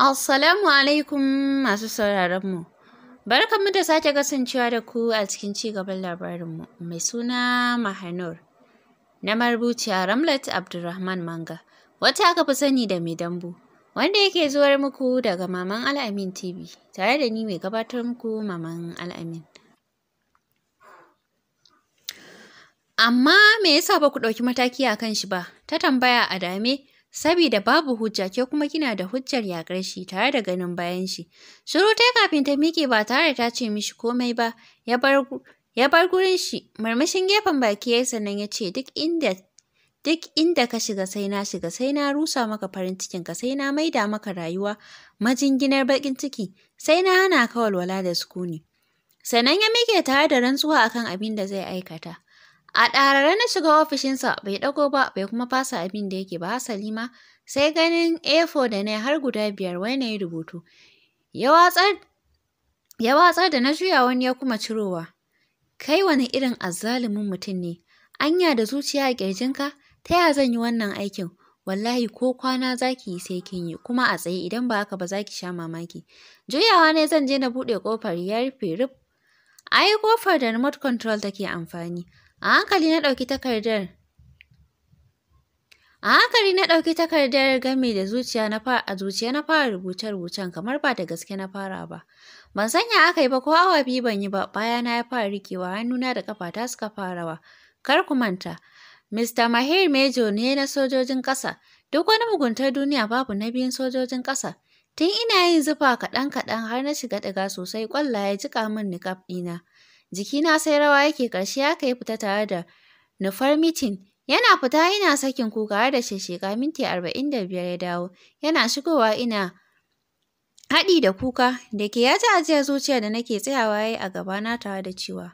Assalamu alaikum masu mu. Barkanmu da sake kasancewa da ku a cikin cigaban labarinmu mai suna Mahanur na marubuciya Ramlat Abdulrahman Manga, wata aka fi sani da mai dambu, wanda yake zuwar muku daga Maman Al'amin TV, tare da ni mai gabatar muku Maman Al'amin. Amma me yasa ba ku ɗauki mataki a kan shi ba? Ta tambaya a dame. Sabida babu hujja ke kuma kina da hujjar yakar shi tare da ganin bayan shi. Shiru ta kafin ta miƙe ba tare ta ce mishi komai ba, ya bar ya bar gurin shi, Marmashin gefen baki ya sannan ya ce duk inda duk inda ka shiga sai na shiga sai na rusa maka farin cikin ka sai na maida maka rayuwa majinginar bakin ciki sai na hana ka walwala da sukuni sannan ya miƙe tare da rantsuwa akan abin da zai aikata A ɗarare na shiga ofishinsa bai ɗago ba bai kuma fasa abin da yake ba hasali ma sai ganin A4 da na har guda biyar wai na yi rubutu. Ya watsar da na juya wani ya kuma cirowa. Kai wani irin azzalumin mutum ne, anya da zuciya a ƙirjinka ta ya zan yi wannan aikin wallahi ko kwana za ki yi sai kin yi kuma a tsaye idan ba haka ba za ki sha mamaki. Juyawa ne zan je na buɗe ƙofar ya rufe rub. Ai ƙofar da remote control take amfani. A hankali na ɗauki takardar. A hankali na ɗauki takardar game da zuciya na fara a zuciya na fara rubuce-rubucen kamar ba da gaske na fara ba. Ban sanya aka yi ba ko awa biyu ban yi ba bayana ya fara rikewa hannuna da ta suka farawa. Kar ku manta, Mr. Mahir Mejo ne na sojojin ƙasa. Duk wani muguntar duniya babu na biyun sojojin ƙasa. Tun ina yin zufa kaɗan-kaɗan har na shiga ɗiga sosai ƙwallaye jiƙa min niƙaf ɗina. Jikina sai rawa yake ƙarshe ya kai fita tare da nufar Yana fita ina sakin kuka har da shesheka minti arba'in da biyar ya dawo. Yana shigowa ina haɗi da kuka da ke ya ta ajiyar zuciya da nake tsayawa yayi a gabana tare da cewa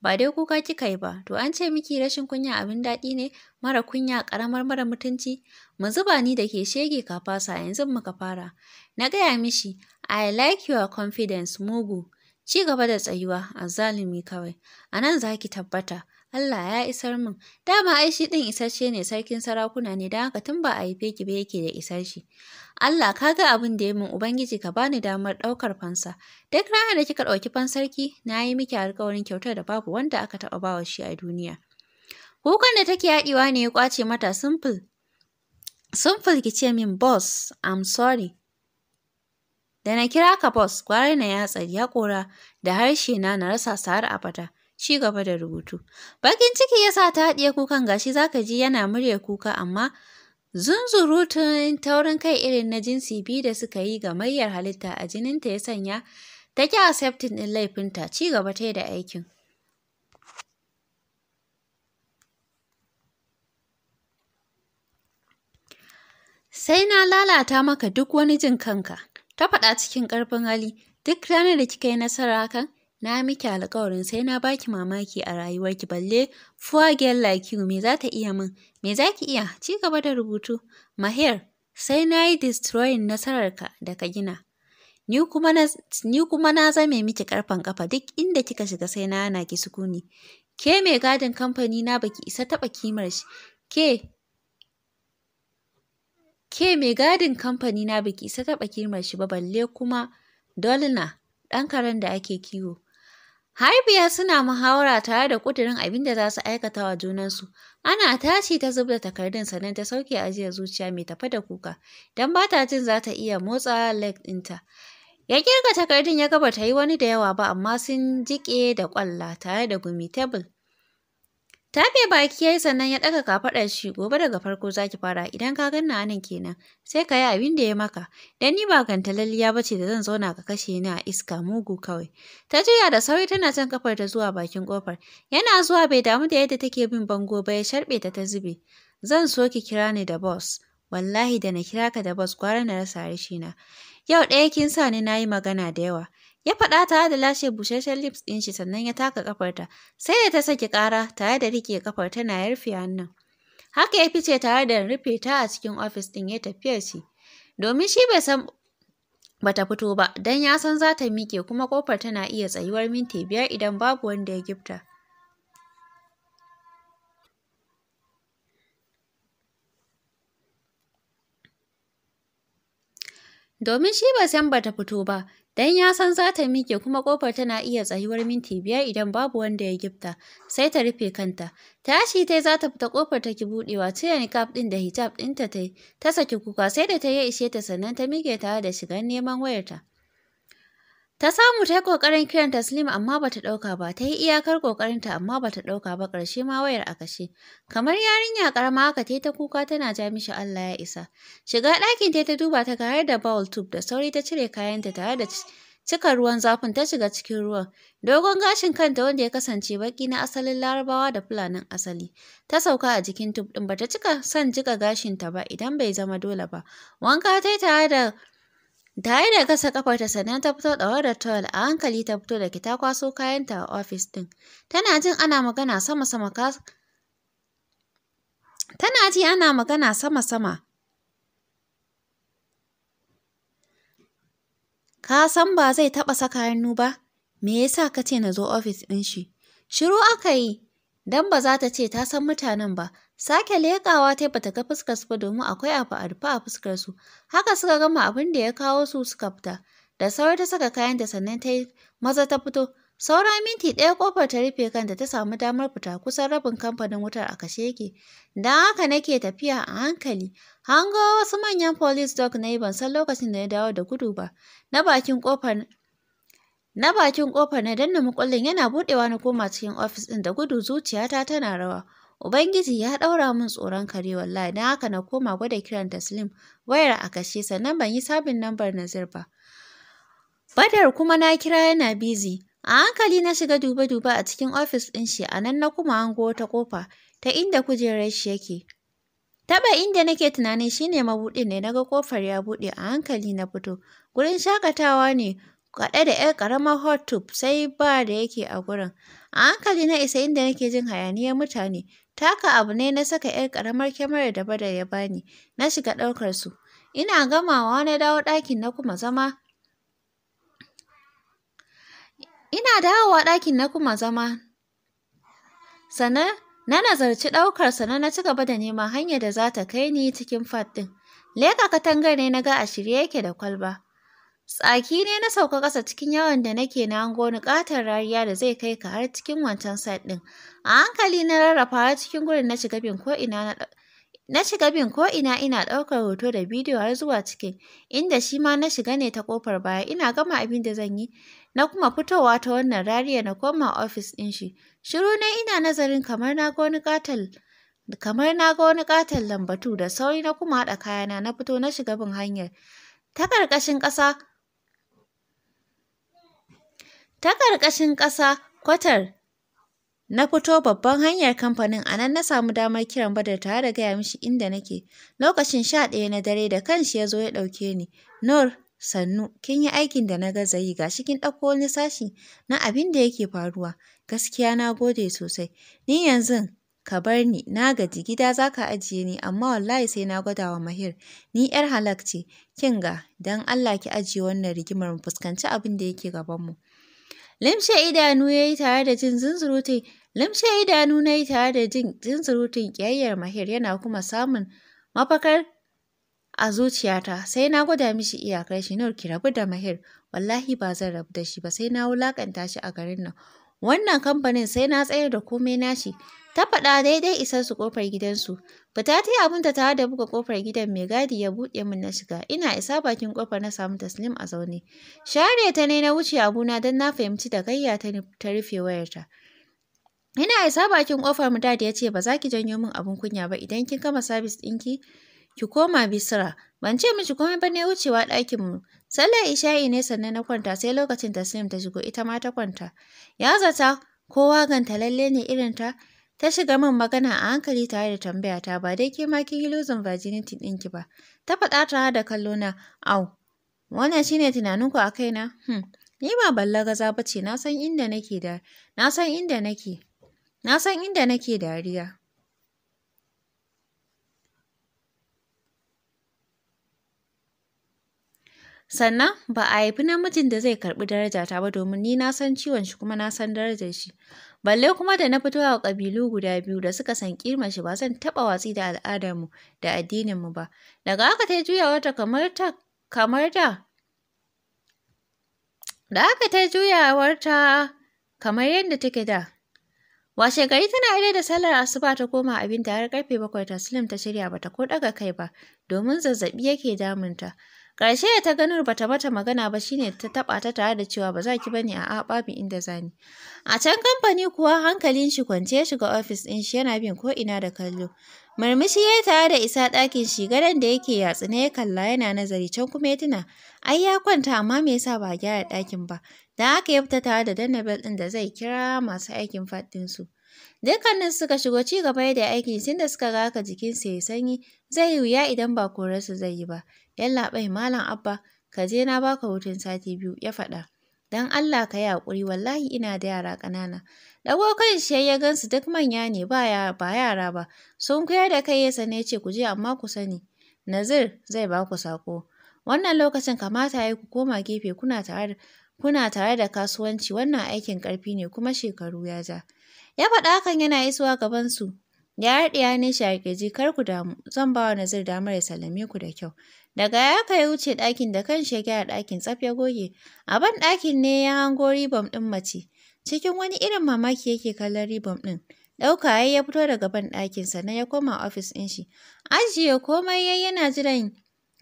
ba dai kuka kika yi ba to an ce miki rashin kunya abin daɗi ne mara kunya ƙaramar mara mutunci mu zuba ni da ke shege ka fasa yanzu muka fara na gaya mishi i like your confidence mugu Ci gaba da tsayuwa, A zalimi kawai. A nan za ki tabbata, Allah ya isar min. Dama aishi shi ɗin isasshe ne sarkin sarakuna ne don haka tun ba a haife ki ba yake da isar shi. Allah ka ga abin da ya min Ubangiji ka bani damar ɗaukar fansa. Duk ranar da kika ɗauki fansarki na yi miki alkawarin kyautar da babu wanda aka taɓa bawa shi a duniya. Kukan da take yaɗewa ne ya kwace mata simple. Simple ki ce min boss, I'm sorry. Da na kira ka boss, kwarai na yatsa ya kora da harshe na na rasa sa'ar a fata. Ci gaba da rubutu. Bakin ciki yasa ta hadiye kukan gashi zaka ji yana murya kuka amma zunzurutun taurin kai irin na jinsi biyu da suka yi ga gamayyar halitta a jinin ta ya sanya ta ki accepting ɗin laifinta ci gaba ta da aikin. Sai na lalata maka duk wani jin kanka. Ta faɗa cikin ƙarfin hali, duk ranar da kika yi nasara hakan, na miki alƙawarin sai na baki mamaki a rayuwarki balle fuwa girl like you me za ta iya min me za ki iya ci gaba da rubutu maher sai na yi destroying nasararka da ka gina ni kuma na zame miki ƙarfen kafa duk inda kika shiga sai na hana ki sukuni ke mai gadin kamfani na baki isa taɓa kimar shi ke Ke mai gadin kamfani na biki isa taɓa kirmar shi ba balle kuma dolna, ɗan karen da ake kiwo. Haibiya suna muhawara tare da ƙudurin abin da za su aikata wa junansu. Ana tashi ta zubda takardun sannan ta sauke ajiyar zuciya mai tafa da kuka, don ba ta jin za ta iya motsa leg ɗinta. Ya kirga takardun ya gaba ta yi wani da yawa ba amma sun jiƙe da ƙwalla tare da gumi tebul Tafe baki yayi sannan ya ɗaga kafaɗar shi gobe daga farko zaki fara idan ka ganna anan kenan sai ka yi abin da ya maka dan ni ba gantalalliya ce da zan zauna ka kashe ni a iska mugu kawai. Ta juya da sauri tana can kafar ta zuwa bakin kofar yana zuwa bai damu da yadda take bin bango ba ya sharɓe ta ta zube. Zan so ki kira ni da boss wallahi da na kira ka da boss gwara na rasa harshe na. Yau ɗaya kin sani, ni na yi magana da yawa Ya faɗa tare da lashe busasshen lips ɗin shi sannan ya taka kafarta, Sai da ta saki ƙara tare da rike kafar tana ya rufe hannun. Haka ya fice tare da rufe ta a cikin ofis ɗin ya tafiyar shi. Domin shi bai san bata fito ba, Dan ya san za ta miƙe kuma ƙofar tana iya tsayuwar minti biyar idan babu wanda ya gifta. domin shi ba san bata fito ba Dan ya san za ta miƙe kuma ƙofar tana iya tsayuwar minti biyar idan babu wanda ya gifta, sai ta rufe kanta. Tashi ta za ta fita ƙofar ta ki buɗewa, cire niqab ɗin da hijab ɗinta ta ta saki kuka sai da ta ya ishe ta sannan ta miƙe tare da shigan neman wayarta. Ta samu ta yi ƙoƙarin kiran Taslim amma bata ɗauka ba, ta yi iyakar ƙoƙarinta amma bata ɗauka ba ƙarshe ma wayar a kashe. Kamar yarinya ƙarama haka ta ta kuka tana ja mishi Allah ya isa. Shiga ɗakin ta ta duba ta har da bowl tube da sauri ta cire kayanta tare da cika ruwan zafin ta shiga cikin ruwan. Dogon gashin kanta wanda ya kasance baki na asalin larabawa da fulanin asali. Ta sauka a jikin tube ɗin bata cika son jiƙa gashinta ba idan bai zama dole ba. Wanka ta yi tare da Tare da kasa kafarta sannan ta fito da da towel a hankali ta fito da kita kwaso kayanta a ofis ɗin. Tana jin ana magana sama-sama ka Tana ji ana magana sama-sama. Ka san ba zai taɓa saka hannu ba? Me yasa ka ce na zo ofis ɗin shi? Shiru aka yi, don ba za ta ce ta san mutanen ba, Sake leƙawa ta bata ga fuskarsu ba domin akwai abu a rufe a fuskarsu. Haka suka gama abin da ya kawo su suka fita. Da sauri ta saka kayan da sannan ta yi maza ta fito. Sauran minti ɗaya kofar ta rufe kanta ta samu damar fita kusan rabin kamfanin wutar a kashe yake. Don haka nake tafiya a hankali. Hango wasu manyan police dog na yi ban san lokacin da ya dawo da gudu ba. Na bakin kofar na bakin kofar na danna mukullin yana buɗewa na koma cikin ofis ɗin da gudu zuciyata tana rawa. Ubangiji ya ɗaura min tsoron kare wallahi don haka na koma gwada kiran taslim wayar a kashe sannan ban yi sabin nambar Nazir ba. Badar kuma na kira yana bizi. A hankali na shiga dube-dube a cikin ofis ɗin shi a nan na kuma hango ta kofa ta inda kujerar shi yake. Taba inda nake tunanin shine mabuɗin ne naga kofar ya buɗe a hankali na fito. Gurin shakatawa ne kaɗe da 'yar ƙaramar hot tub sai ba da yake a gurin. A hankali na isa inda nake jin hayaniyar mutane Taka abu ne na saka 'yar ƙaramar kyamarar da bada ya bani, na shiga ɗaukar su. Ina gamawa na dawo ɗakin na kuma zama. Ina dawowa ɗakin na kuma zama. Sannan na nazarci ɗaukar sannan na ci gaba da neman hanyar da za ta kai ni cikin fat ɗin. Leka katangar ne na ga a shirye yake da kwalba. Tsaki ne na sauka ƙasa cikin yawan da nake na hango rariya da zai kai ka har cikin wancan sat ɗin. A hankali na rarrafa har cikin gurin na shiga bin ko'ina na ina ɗaukar hoto da bidiyo har zuwa cikin, inda shi ma na shiga ne ta kofar baya ina gama abin da zan yi, na kuma fitowa ta wannan rariya na koma ofis ɗin shi. Shiru ne ina nazarin kamar na ga wani ƙatal kamar na ga wani lambatu da sauri na kuma haɗa kayana na fito na shiga bin hanyar. Ta ƙarƙashin ƙasa Ta ƙarƙashin ƙasa kwatar na fito babban hanyar kamfanin a nan na samu damar kiran Badar tare da gaya mishi inda nake. Lokacin sha ɗaya na dare da kanshi ya zo ya ɗauke ni. Nur, sannu, kin yi aikin da na gaza yi shi kin ɗauko wani sashi na abin da yake faruwa. Gaskiya na gode sosai. Ni yanzu ka bar ni na gaji gida za ka ajiye ni amma wallahi sai na gwada wa mahir ni yar halak ce kin ga dan Allah ki ajiye wannan rigimar mu fuskanci abin da yake gaban mu Limshe idanu ya yi tare da jin zunzurutun limshe idanu na yi tare da jin zunzurutun ƙiyayyar Mahir yana kuma samun mafakar a zuciyata sai na gwada mishi iyakar shi nur ki rabu da mahir wallahi ba zan rabu da shi ba sai na wulakanta shi a garin nan wannan kamfanin sai na tsayar da komai nashi Ta faɗa daidai isar su ƙofar gidansu. Fita ta yi abinta tare da buga ƙofar gidan mai gadi ya buɗe min na shiga. Ina isa bakin ƙofar na samu taslim a zaune. Share ta ne na wuce abuna don na fahimci da gayya ta rufe wayarta. Ina isa bakin ƙofar mu dadi ya ce ba za ki janyo min abin kunya ba idan kin kama sabis ɗinki ki koma bisira. Ban ce miki komai ba ne wucewa ɗakin mu. Sallar isha'i ne sannan na kwanta sai lokacin taslim ta shigo ita ma ta kwanta. Ya zata kowa ganta lalle ne irin ta Ta shiga min magana a hankali tare da tambaya ta ba dai ke ma kin yi losing virginity ɗinki ba. Ta faɗa ta da kallo na au. Wannan shine ku a kaina? Hmm. Ni ba balla ba ce, na san inda nake da na san inda nake. Na san inda nake dariya. Sannan ba a haifi namijin da zai karɓi darajata ba domin ni na san ciwon shi kuma na san darajar shi. Balle kuma da na fito a ƙabilu guda biyu da suka san kirma shi ba zan taɓa watsi da al'adarmu da addininmu ba. Daga haka ta yi wata kamar ta kamar da da haka ta juyawarta kamar yadda take da. Washe gari tana aida da sallar asuba ta koma da har karfe bakwai taslim ta shirya bata ko daga kai ba domin zazzabi yake damunta. Ƙarshe da ta ba bata bata magana ba shine ta taɓa ta tare da cewa ba za ki bane a babu inda zani. A can kamfani kuwa hankalin shi kwance ya shiga ofis din shi yana bin ko ina da kallo. Murmushi ya tare da isa ɗakin shi gadon da yake yatsu na ya kalla yana nazari can kuma ya tuna ai ya kwanta amma me yasa ba a gyara ɗakin ba. Da aka ya fita tare da danna din da zai kira masu aikin faɗin su. Dukkanin suka shigo ci gaba da aiki sun da suka ga haka jikinsa ya sanyi Zai yi wuya idan ba korarsa zai yi ba. Yallaɓai Malam Abba, ka je na baka hutun sati biyu, ya faɗa. Dan Allah ka yi haƙuri, wallahi ina da yara ƙanana. Ɗago kan shi ya gansu duk manya ne ba ba yara ba. Sun koyar da kai ya sane ce ku je amma ku sani. Nazir zai ba ku sako. Wannan lokacin kamata ya ku koma gefe kuna tare kuna tare da kasuwanci wannan aikin ƙarfi ne kuma shekaru ya ja. Ya faɗa hakan yana isuwa gabansu Ya haɗe ne shi a ƙirji kar ku damu, zan ba wa Nazir damar ya sallame ku da kyau. Daga ya kai wuce ɗakin da kanshi ya gyara ɗakin tsaf ya goge. A ban ɗakin ne ya hango ribom ɗin mace. Cikin wani irin mamaki yake kallon ribom ɗin. Ɗauka ya fito daga ban ɗakin sannan ya koma ofis ɗin shi. Ajiye komai yayi yana jiran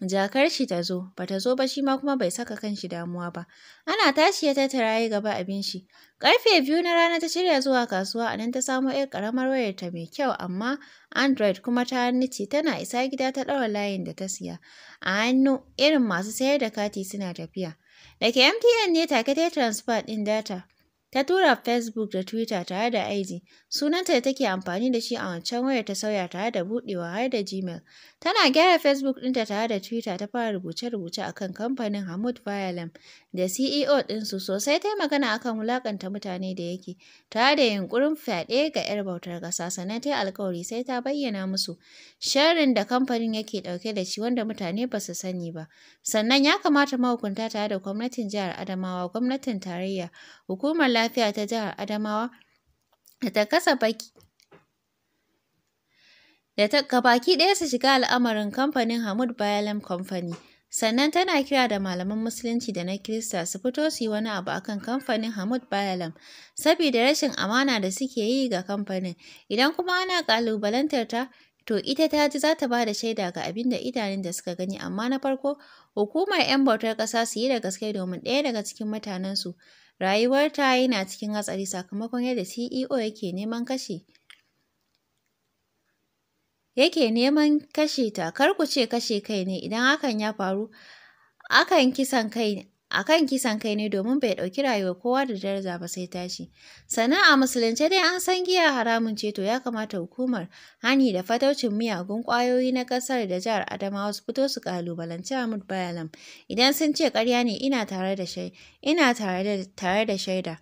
jakar shi ta zo ba ta zo ba shi ma kuma bai saka kan shi damuwa ba ana tashi ya tattara ya gaba abin shi karfe biyu na rana ta shirya zuwa kasuwa a nan ta samo yar karamar wayar ta mai kyau amma android kuma ta hannu ce tana isa gida ta ɗaura layin da ta siya a hannu irin masu sayar da kati suna tafiya Dake mtn ne take ta transfer ɗin data Ta tura Facebook da Twitter tare da ID, sunanta da take amfani da shi a wancan wayar ta sauya tare da buɗewa har da Gmail. Tana gyara Facebook ɗinta tare da Twitter ta fara rubuce-rubuce akan kamfanin Hamud bayalam da CEO ɗinsu sosai ta yi magana akan wulakanta mutane da yake, tare da yunkurin fyaɗe ga 'yar bautar ƙasa sannan ta yi alkawari sai ta bayyana musu sharrin da kamfanin yake ɗauke da shi wanda mutane ba su sani ba. Sannan ya kamata mahukunta tare da gwamnatin jihar Adamawa, gwamnatin tarayya, hukumar lafiya ta jihar Adamawa da ta kasa baki da ta gabaki ɗaya su shiga al'amarin kamfanin Hamud Bayalam Company. Sannan tana kira da malaman Musulunci da na Kirista su fito su yi wani abu akan kamfanin Hamud Bayalam, saboda rashin amana da suke yi ga kamfanin. Idan kuma ana ƙalubalantar ta, to ita ta ji za ta ba da shaida ga abin da idanun da suka gani, amma na farko, hukumar 'yan bautar ƙasa su yi da gaske domin ɗaya daga cikin mutanensu Rayuwarta yana cikin hatsari sakamakon yadda CEO yake neman kashe yake neman kashe ta, kar ku ce kashe kai ne, idan hakan ya faru akan kisan kai a kan kisan kai ne domin bai ɗauki rayuwa kowa da daraja ba sai tashi. Sana'a musulunce dai an san giya haramun ce to ya kamata hukumar hani da fataucin miyagun ƙwayoyi na ƙasar da jihar Adamawa su fito su ƙalubalanci hamud Bayalam idan sun ce ƙarya ne ina tare da ina tare da shaida.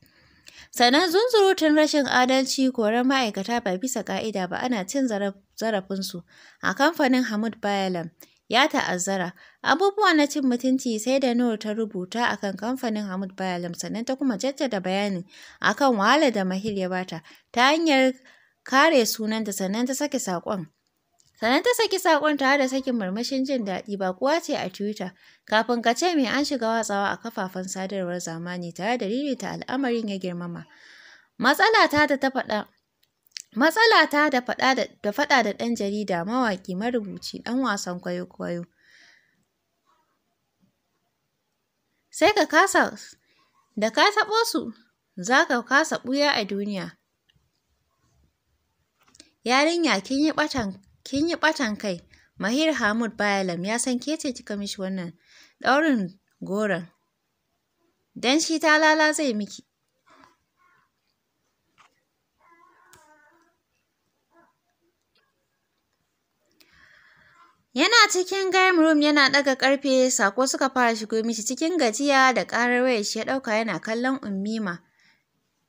Sannan zunzurutun rashin adalci koran ma'aikata ba bisa ka'ida ba ana cin zarafinsu a kamfanin Hamud Bayalam ya ta'azzara. Abubuwa na cin mutunci sai da Nur ta rubuta akan kamfanin Hamud Bayalam sannan ta kuma jaddada bayani akan wahala da Mahir ya bata ta hanyar kare sunanta sannan ta sake saƙon. Sannan ta saki saƙon tare da sakin murmushin jin daɗi ba kuwa ce a Twitter. Kafin ka ce mai an shiga watsawa a kafafen sadarwar zamani tare da ririta al'amarin ya girmama. Matsala ta da ta faɗa Matsala ta da faɗa da ɗan jarida, mawaƙi, marubuci, ɗan wasan kwaikwayo sai ka kasa da ka taɓo su za ka kasa ɓuya a duniya. Yarinya kin yi ɓatan kin yi ɓatan kai. Mahir Hamud Bayalam ya san ke ce kika mishi wannan ɗaurin goron. Dan shi lala zai miki. Yana cikin game room yana ɗaga ƙarfe sako suka fara shigo mishi cikin gajiya da ƙarar wayar shi ya ɗauka yana kallon ummima.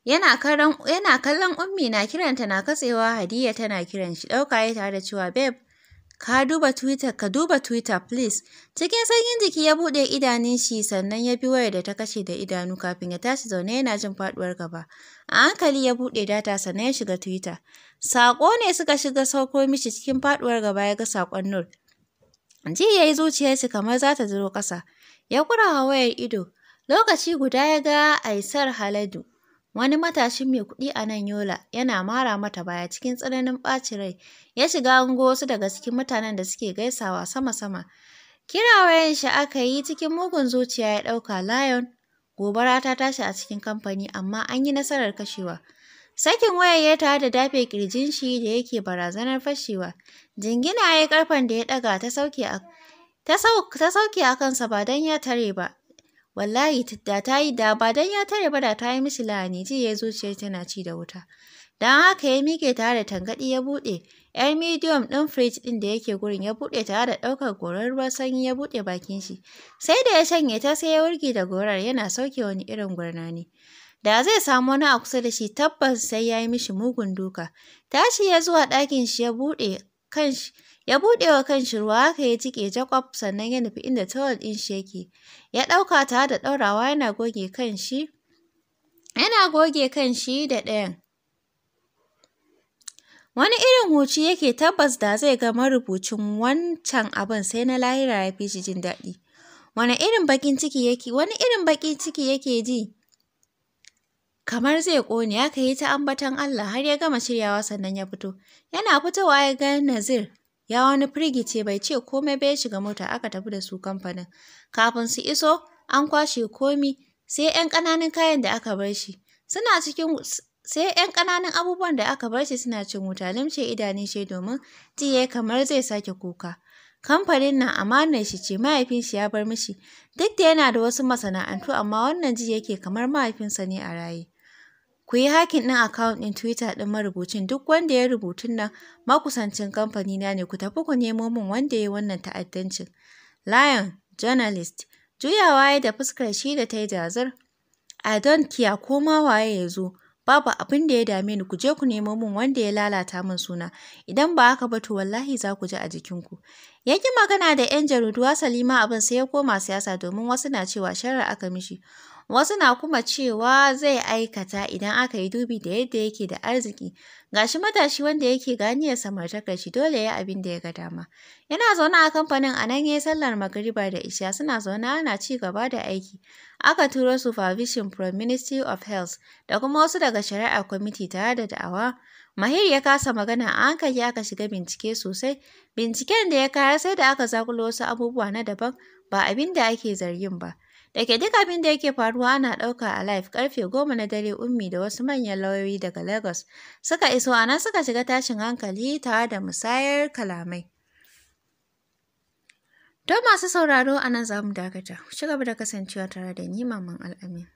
Yana karan yana kallon ummi na kiranta na katsewa Hadiya tana kiran shi ɗauka ya tare da cewa babe ka duba twitter ka duba twitter please cikin sanyin jiki ya buɗe idanun shi sannan ya bi wayar da ta kashe da idanu kafin ya tashi zaune yana jin faɗuwar gaba. A hankali ya buɗe data sannan ya shiga twitter. Sako ne suka shiga sauko mishi cikin faɗuwar gaba ya ga sakon Nur. Ji ya yi zuciyarsa kamar za ta zuro ƙasa, ya kura wayar ido, lokaci guda ya ga Aisar Haladu, wani matashin mai kuɗi a nan Yola, yana mara mata baya cikin tsananin ɓacin rai, ya shiga ango wasu daga cikin mutanen da suke gaisawa sama-sama. Kira wayan shi aka yi cikin mugun zuciya ya ɗauka Lion, gobara ta tashi a cikin kamfani amma an yi nasarar kashewa. Sakin wayar ya tare da dafe kirjin shi da yake barazanar fashewa. Jingina ya karfan da ya daga ta sauke a kansa ba dan ya tare ba. Wallahi da ta yi da ba dan ya tare ba da ta yi mishi lahani ji ya zuciyar tana ci da wuta. Dan haka ya mike tare da tangaɗi ya buɗe Yar medium ɗin firij ɗin da yake gurin ya buɗe tare da ɗaukar gorar ruwa sanyi ya buɗe bakin shi. Sai da ya shanye ta sai ya wurge da gorar yana sauke wani irin gurnani. Da zai samu wani a kusa da shi tabbas sai ya yi mishi mugun duka. Tashi ya zuwa ɗakin shi ya buɗe kanshi. ya buɗe wa kanshi ruwa haka ya jike jakwab sannan ya nufi inda towel ɗin shi yake ya ɗauka tare da ɗaurawa yana goge shi. yana goge kanshi da ɗayan Wani irin huci yake tabbas da zai ga marubucin wancan abin sai na lahira ya fi shi jin daɗi. Wani irin bakin ciki yake, wani irin bakin ciki yake ji kamar zai ƙone aka yi ta ambatan Allah har ya gama shiryawa sannan ya fito. Yana fitowa ya ga Nazir ya wani firgice bai ce komai bai shiga mota aka tafi da su kamfanin. Kafin su iso an kwashe komi sai ‘yan ƙananan kayan da aka bar shi. Suna cikin sai ‘yan ƙananan abubuwan da aka bar shi suna cin wuta limce idanun shi domin ji kamar zai sake kuka. Kamfanin na amanar shi ce mahaifin shi ya bar mishi duk da yana da wasu masana'antu amma wannan ji yake kamar mahaifinsa ne a raye. Ku yi hakin ɗin akawun ɗin Twitter ɗin marubucin duk wanda ya rubutu nan makusancin kamfani na ne ku tafi ku nemo min wanda ya yi wannan ta'addancin. Lion Journalist juyawa ya da fuskar shi da ta yi jazir. I don't care ko ma waye ya zo babu abin da ya dame ni ku je ku nemo min wanda ya lalata min suna idan ba haka ba to wallahi za ku ji a jikinku ya ki magana da yan jariduwa salima abin sai ya koma siyasa domin wasu na cewa sharar aka mishi Wasu na kuma cewa zai aikata idan aka yi dubi da yadda yake da arziki. ga shi matashi wanda yake ya samartakar shi dole ya abin da ya ga dama. Yana zaune a kamfanin a nan ya yi sallar magariba da isha suna zaune ana ci gaba da aiki. Aka turo supervision from Ministry of Health da kuma wasu daga shari'a kwamiti tare da da'awa. Mahir ya kasa magana a hankali aka shiga bincike sosai. Binciken da ya kayar sai da aka zakulo wasu abubuwa na daban ba abin da ake zargin ba. Dake duk abin da yake faruwa ana ɗauka a live karfe goma na dare ummi da wasu manyan lauyoyi daga Lagos suka iso a nan suka shiga tashin hankali tare da musayar kalamai. Don masu sauraro a nan za mu dakata, ci da kasancewa tare da ni Maman Al'amin.